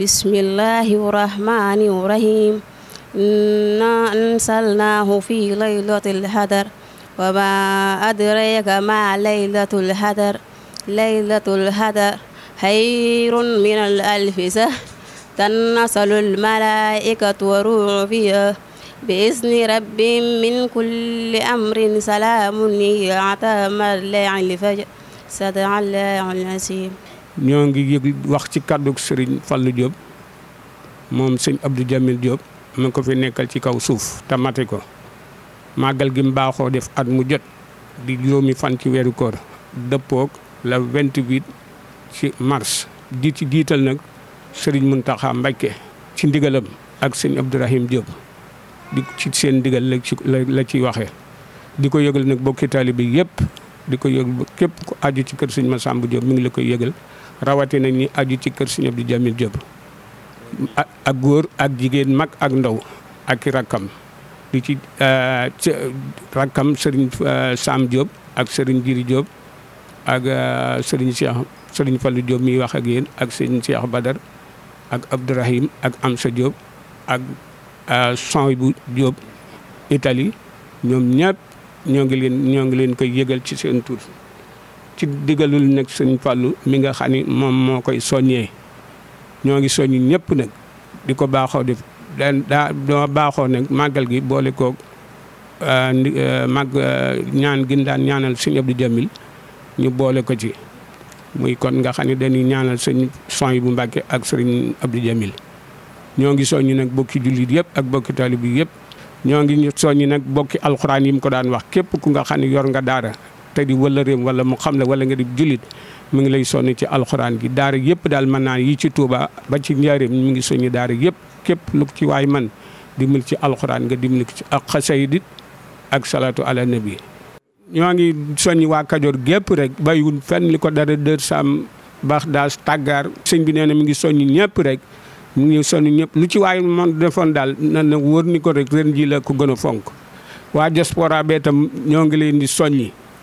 بسم الله الرحمن الرحيم إنا أنزلناه في ليلة الهدر وما أدريك ما ليلة الهدر ليلة الهدر خير من الألف سهر تنصل الملائكة وروح فيها بإذن رب من كل أمر سلام هي عتام الليل الفجر صدع الله العظيم ñoo ngi yëg wax ci kàddu sëriñ Fallou Diop moom sëñ Abdou Jamil Diop mu ko fi nekkal ci kaw suuf te mate ko màggal gi mu baaxoo def at mu jot di juróomi fan ci weeru koor dëppoog la vingt ci mars di ci jiital nag sëriñ Mountakha Mbacké ci ndigalam ak sëñ Abdourahim Diop di ci seen ndigal la ci la ciy waxee di ko yëgal nag bokki taalibe bi yëpp di ko yëgal képp ku aju ci kër sëñ sàmbu Diop mu ngi la koy yëgal nañ ni aju ci kër Serigne Abdou Jamil Diop ak góor ak jigen mak ak ndaw ak rakam di ci euh, rakkam Serigne euh, Sam Diop ak Serigne diri Diop ak euh, Serigne Cheikh Serigne fallu Diop mi wax ak yeen ak Serigne Cheikh Badar ak Abdourahim ak Amsa Diop ak Sohibou Diop Italie ñom ñëpp ñoo ngi leen ñoo leen koy yegal ci seen tour ci digalul nag sëñ fallu mi nga xani mom mo koy soñé ñoo ngi di ko def dan da doo baaxoo magal gi gi ko koog euh, euh, mag euh, ñaan gi daan ñaanal sëñ Abdou Jamil ñu bolé ko ci muy kon nga xani ne dañuy ñaanal sëñ soñu bu mbacké ak sëriñ Abdou Jamil ñoo ngi soññi nag bokki julit yépp ak bokki talib yépp yëpp ñoo ngi soññi nag bokki alcorane yi mu ko daan wax képp ku nga xani yor nga daara te di wala mu xam la wala nga di julit mi ngi lay sonni ci alquran gi daara yëpp dal man naa yi ci Touba ba ci njaareem mi ngi sonni daara yëpp képp lu ci waay man dimbal ci alquran nga dimbal ci ak xasayidit ak salatu ala nabi ñoo ngi sonni wa Kajoor gep rek bàyyiwul fenn liko dara dër sam bax daas tagar señ bi neena na mi ngi sonni ñepp rek mu ngi sonni ñepp lu ci waay man defon dal na na ni ko rek ren ji la ko gëna fonk wa diaspora betam ñoo ngi leen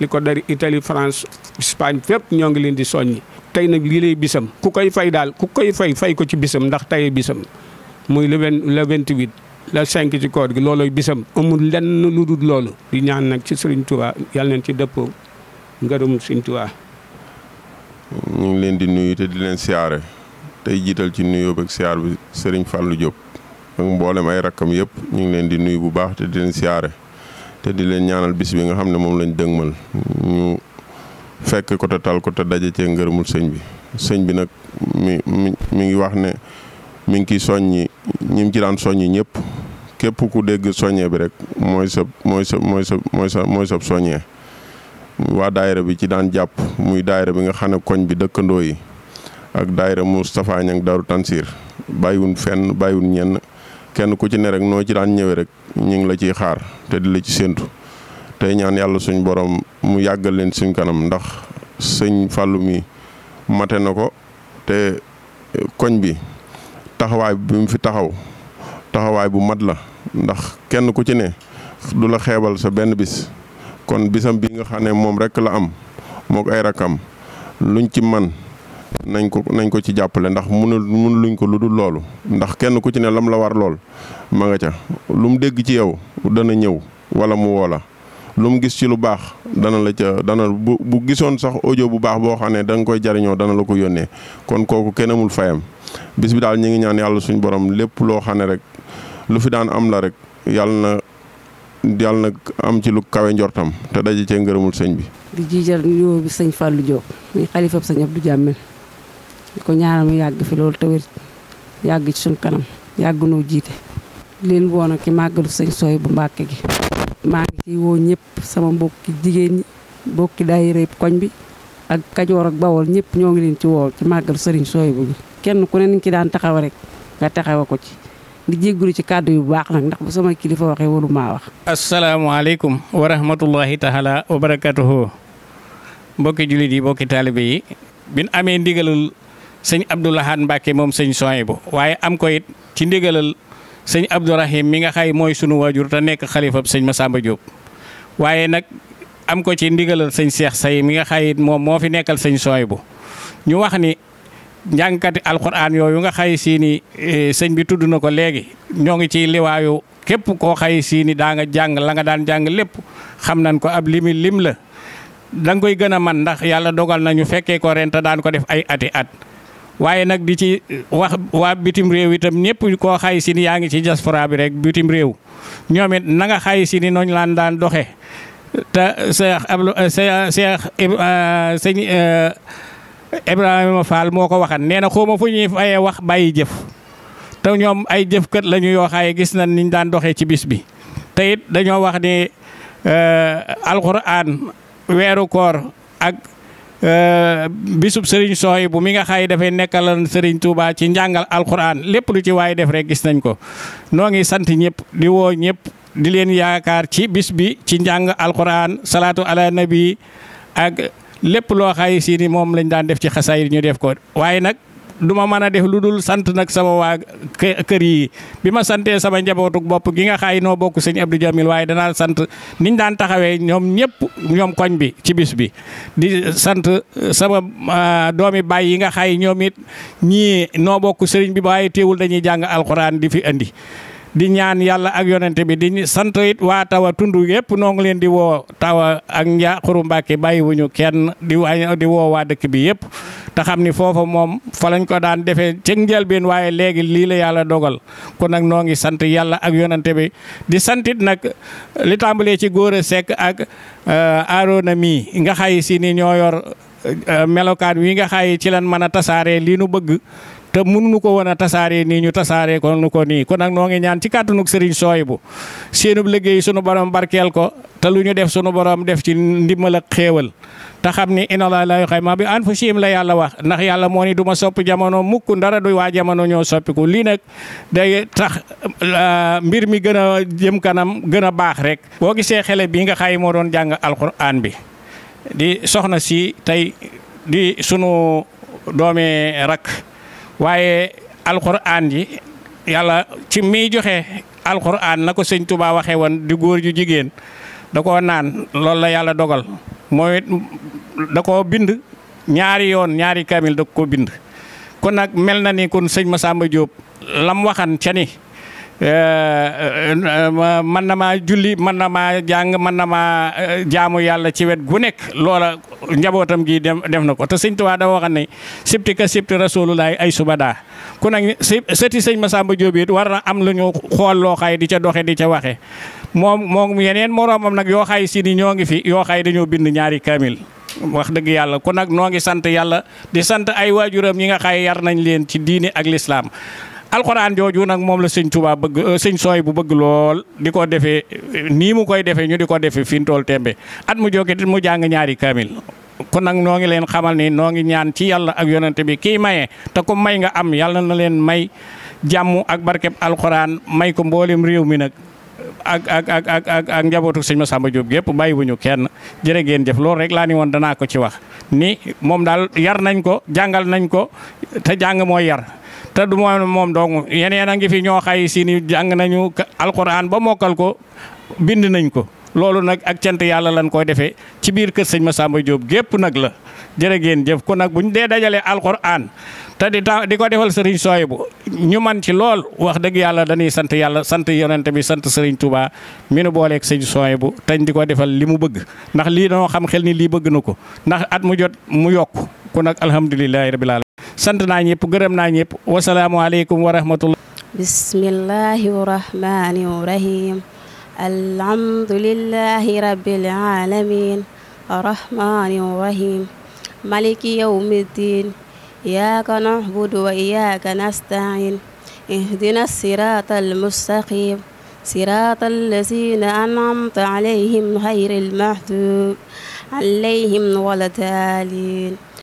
li ko dari Italie France Espagne fépp ñoo ngi leen di soññi. tey nag lii lay bisam ku koy fay daal ku koy fay fay ko ci bisam ndax tey bisam muy le vingt la cinq ci koor gi loolooy bisam amul lenn lu dul loolu. di ñaan nag ci sëriñ Touba yàlla nañ ci dëppoo ngërëm siñ tuwaa ñu leen di nuyu te di leen siyaare tey jiital ci nuyoo beeg siyaar bi sëriñ Fallou Diop ak mboolem ay rakkam yëpp ñu ngi leen di nuyu bu baax te di leen siyaare. te di leen ñaanal bis bi nga xam ne moom lañ dëgmal ñu fekk ko te tal ko te daje cee ngërëmul sëñ bi sëñ bi nag mi mi ngi wax ne mi ngi ciy soññi ñi mu ci daan soññi ñëpp képp ku dégg soññee bi rek mooy sa mooy sa mooy sa mooy sa mooy sa soññee waa daayira bi ci daan jàpp muy daayira bi nga xam ne koñ bi dëkkandoo yi ak daayira Moustapha Niang Daaru Tansiir bàyyiwun fenn bàyyiwun ñenn kenn ku ci ne rek noo ci daan ñëwee rek ñu ngi la ciy xaar te di la ci séentu tey ñaan yàlla suñ boroom mu yàggal leen suñ kanam ndax sëñ fàllu mi mate na ko te eh, koñ bi taxawaay bi mu fi taxaw taxawaay bu mat la ndax kenn ku ci ne du la xeebal sa benn bis kon bisam bi nga xam ne moom rek la am mook ay rakam luñ ci man nañ ko nañ ko ci jàppale ndax mënul mënul luñ ko lu dul loolu ndax kenn ku ci ne lam la war lool ma nga ca lu mu dégg ci yow dana ñëw wala mu woo la lu mu gis ci lu baax dana la ca dana bu gisoon sax audio bu baax boo xam ne da nga koy jariñoo dana la ko yónnee kon kooku kenn amul fayam bis bi daal ñu ngi ñaan yàlla suñ borom lépp loo xam ne rek lu fi daan am la rek yàlla na yàlla na am ci lu kawe njortam te daje cee ngërëmul sëñ bi. di jiital nuyoo bi sëñ Fallou muy xalifa sëñ Abdou Diamel di ko ñaanal mu yàgg fi loolu tawér yàgg ci suñ kanam yàgg noo jiite leen woon ki màggalu sëñ sooy bu mbàkke gi maa ngi ciy woo ñëpp sama mbokki jigéen ñi mbokki daayira koñ bi ak kajoor ak ñëpp ñoo ngi leen ci ci màggalu sëriñ sooy kenn ku ne ni ci daan taxaw rek nga taxawa ko ci di jéggulu ci kàddu yu baax nag ndax bu sama kilifa waxee walu maa wax asalaamaaleykum wa rahmatullahi taala wa barakatuhu mbokki jullit yi mbokki taalibe yi bin amee ndigalul sëñ Abdoulahad Mbacke moom sëñ Sohaybu waaye am ko it ci ndigalal sëñ Abdourahim mi nga xay mooy sunu waajur te nekk xalifab sëñ ma Massamba Diop waaye nag am ko ci ndigalal sëñ Cheikh Say mi nga xay moom moo fi nekkal sëñ Sohaybu ñu wax ni njàngkati alxuraan yooyu nga xay sii ni e, sëñ bi tudd na ko léegi ñoo ngi ciy liwaayu képp koo xay siini ni daa nga jàng la nga daan jàng lépp xam nañ ko ab limi lim la danga koy gën a man ndax yàlla dogal na ñu fekkee ko ren te daan ko def ay ati at waaye nag di ci wax waa bitim réew itam ñëpp koo xay si yaa ngi ci diaspora bi rekk bitim réew ñoom it na nga xay nooñu laan daan doxe te Cheikh Abdou Cheikh euh, euh, moo ko waxan nee na xaw ma fu ñuy fayee wax bàyyi jëf te ñoom ay jëfkat la ñu yoo xaye gis na niñ daan doxee ci bis bi te dañoo wax ni euh, alxuraan weeru koor ak Eh, bisub Serigne Soy bu mi nga xay dafay nekkaloon Serigne Touba ci njàngal alxuraan lépp lu ci waaye def rek gis nañ ko noo ngi sant ñëpp di woo ñëpp di leen yaakaar ci bis bi ci njàng alxuraan salaatu ala nabi ak lépp loo xay si moom lañ daan def ci xasaay ñu def ko waaye nag. du ma mën a def lu dul sant nag sama waa kër yi bi ma santee sama njabootuk bopp gi nga xaay noo bokk sëñ Abdou Jamil waaye danaa sant niñ daan taxawee ñoom ñëpp ñoom koñ bi ci bis bi di sant uh, sama uh, doomi baay yi nga xaay ñoom it ñii noo bokk sëriñ bi waaye teewul dañuy jàng alxuraan di fi andi di ñaan yàlla ak yonente bi di sant it waa tawa tund yëpp noo ngi leen di woo tawa ak njaa xuru mbàkke bàyyiwuñu kenn di di woo waa dëkk bi yëpp te xam ni foofa moom fa lañ ko daan defee ci njëlbeen waaye léegi lii la yàlla dogal kon nag noo ngi sant yàlla ak yonente bi di santit nag li tàmbalee ci góor a sekk ak aarona euh, mi nga xay si ni ñoo yor euh, melokaan wi nga xay ci lan mën a tasaaree lii nu bëgg te mënuñu ko woon a tasaaree nii ñu tasaaree ko nu ko nii kon nag noo ngi ñaan ci kàttanug Serigne Souhaibou seenub liggéey sunu borom barkeel ko te lu ñu def sunu borom def ci ndimbal ak xéewal te xam ni inna Allaha laa yuxayyiru maa bi anfusihim la yàlla wax ndax yàlla moo ni duma ma soppi jamono mukk ndara du waa jamono ñoo soppiku lii nag day tax ah, mbir mi gën a jëm kanam gën a baax rek. boo gisee xele bii nga xay moo doon jàng alquran bi di soxna si tey di sunu doomi waaye alxuraan ji yàlla ci miy joxe alxuraan na ko sëñ Touba waxee woon di góor ju jigéen da ko naan loolu la yàlla dogal mooy da koo bind ñaari yoon ñaari kamil da ko bind kon nag mel na ni kon sëñ sàmba jóob lam waxan ca ni Eh, eh, mën na maa julli mën na maa jàng mën na maa eh, jaamu yàlla ci wet gu nekk loola njabootam gi dem def na ko te sëñ waa dafa waxoon ne sibti ka sibti rasulullahi ay suba daa ku nag sëti sëñ ma Jóob it war na am lu ñu xool loo di ca doxe di ca waxe moom moom yeneen moroomam nag yoo si ni ñoo ngi fi yoo xay dañoo bind ñaari kaamil wax dëgg yàlla kon nag noo ngi sant yàlla di sant ay waajuram ñi nga xay yar nañ leen ci diini ak lislaam alxuraan jooju nag moom la sëñ Tuubaa bëgg euh, sëñ sooy bu bëgg lool di ko defee nii mu koy defee ñu di ko defee fi mu toll tembe at mu jóge mu jàng ñaari kaamil kon nag noo ngi leen xamal ni noo ngi ñaan ci yàlla ak yonante bi kii maye te ku may nga am yàlla na leen may jàmm ak barkeb alxuraan may ko mboolem réew mi nag ak ak ak ak ak ak njabootu sëñ Massamba Diop yëpp bàyyi wuñu kenn jërë ngeen jëf loolu rek laa ni woon danaa ko ci wax ni moom daal yar nañ ko jàngal nañ ko te jàng mooy yar te du ma mom dong yeneen a ngi fi ño xay si ni jang nañu alquran ba mokal ko bind nañ ko lolu nak ak cant yalla lan koy defé ci keur seigne massa mbay job gep nak la jërë bu ñu alquran di ta di ko defal sëriñ soyebu ñu man ci lool wax deug yalla dañuy sant yalla sante yonent bi sante Touba minu ak soyebu tañ di ko defal limu bëgg ndax li dañoo xam xel ni li bëgg na ko ndax at mu jot mu kon nak alhamdullilah rabbil alamin sant na ñep gërëm na ñep wa salaamu alaykum wa rahmatullah bismillahir rahmanir rahim alhamdulilahi rabbil alamin arrahmanir rahim maliki yawmiddin iyyaka na'budu wa iyyaka nasta'in اهدنا siratal mustaqim صراط الذين أنعمت عليهم غير المحدود عليهم ولا تالين